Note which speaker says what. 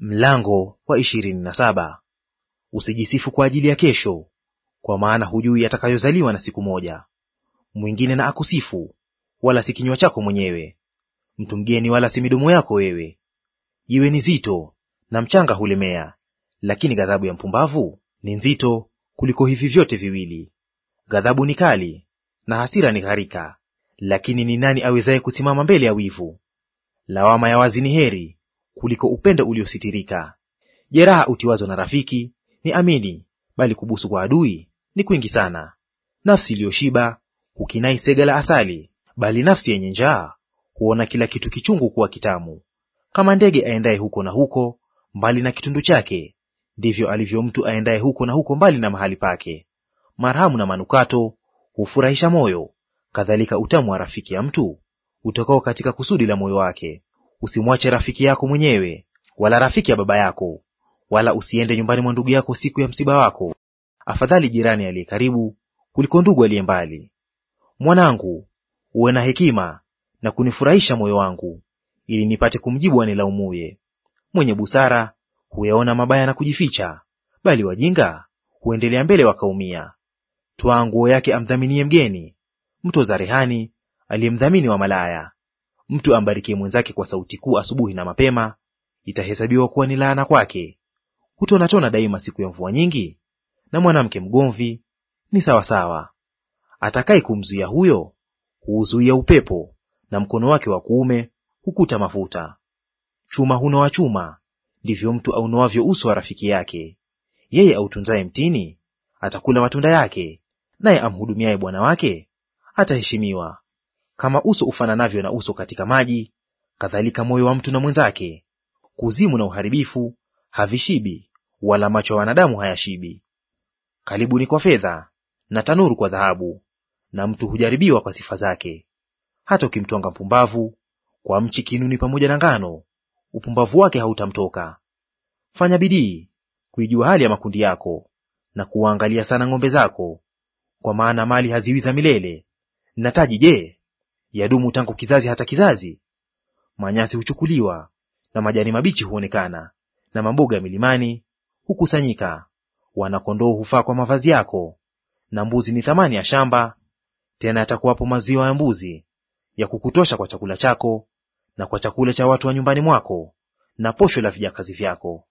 Speaker 1: Mlango wa ishirini na saba. Usijisifu kwa ajili ya kesho, kwa maana hujui atakayozaliwa na siku moja. Mwingine na akusifu, wala si kinywa chako mwenyewe; mtu mgeni, wala si midomo yako wewe. Jiwe ni zito na mchanga hulemea, lakini ghadhabu ya mpumbavu ni nzito kuliko hivi vyote viwili. Ghadhabu ni kali na hasira ni gharika, lakini ni nani awezaye kusimama mbele ya wivu? Lawama ya wazi ni heri kuliko upendo uliositirika. Jeraha utiwazo na rafiki ni amini, bali kubusu kwa adui ni kwingi sana. Nafsi iliyoshiba hukinai sega la asali, bali nafsi yenye njaa huona kila kitu kichungu kuwa kitamu. Kama ndege aendaye huko na huko mbali na kitundu chake, ndivyo alivyo mtu aendaye huko na huko mbali na mahali pake. Marhamu na manukato hufurahisha moyo, kadhalika utamu wa rafiki ya mtu utokao katika kusudi la moyo wake. Usimwache rafiki yako mwenyewe, wala rafiki ya baba yako, wala usiende nyumbani mwa ndugu yako siku ya msiba wako. Afadhali jirani aliye karibu kuliko ndugu aliye mbali. Mwanangu, uwe na hekima na kunifurahisha moyo wangu, ili nipate kumjibu anilaumuye. Mwenye busara huyaona mabaya na kujificha, bali wajinga huendelea mbele wakaumia. Twaa nguo yake amdhaminie mgeni, mtoza rehani aliyemdhamini wa malaya. Mtu ambarikie mwenzake kwa sauti kuu asubuhi na mapema, itahesabiwa kuwa ni laana kwake. Hutonatona daima siku ya mvua nyingi, na mwanamke mgomvi ni sawasawa. Atakaye kumzuia huyo huuzuia upepo, na mkono wake wa kuume hukuta mafuta. Chuma hunoa chuma, ndivyo mtu aunoavyo uso wa rafiki yake. Yeye autunzaye mtini atakula matunda yake, naye amhudumiaye bwana wake ataheshimiwa. Kama uso ufananavyo na uso katika maji, kadhalika moyo wa mtu na mwenzake. Kuzimu na uharibifu havishibi, wala macho ya wanadamu hayashibi. Kalibu ni kwa fedha na tanuru kwa dhahabu, na mtu hujaribiwa kwa sifa zake. Hata ukimtwanga mpumbavu kwa mchi kinuni pamoja na ngano, upumbavu wake hautamtoka. Fanya bidii kuijua hali ya makundi yako na kuwaangalia sana ng'ombe zako, kwa maana mali haziwiza milele, na taji je, yadumu tangu kizazi hata kizazi. Manyasi huchukuliwa na majani mabichi huonekana, na maboga ya milimani hukusanyika. Wanakondoo hufaa kwa mavazi yako, na mbuzi ni thamani ya shamba; tena yatakuwapo maziwa ya mbuzi ya kukutosha kwa chakula chako na kwa chakula cha watu wa nyumbani mwako, na posho la vijakazi vyako.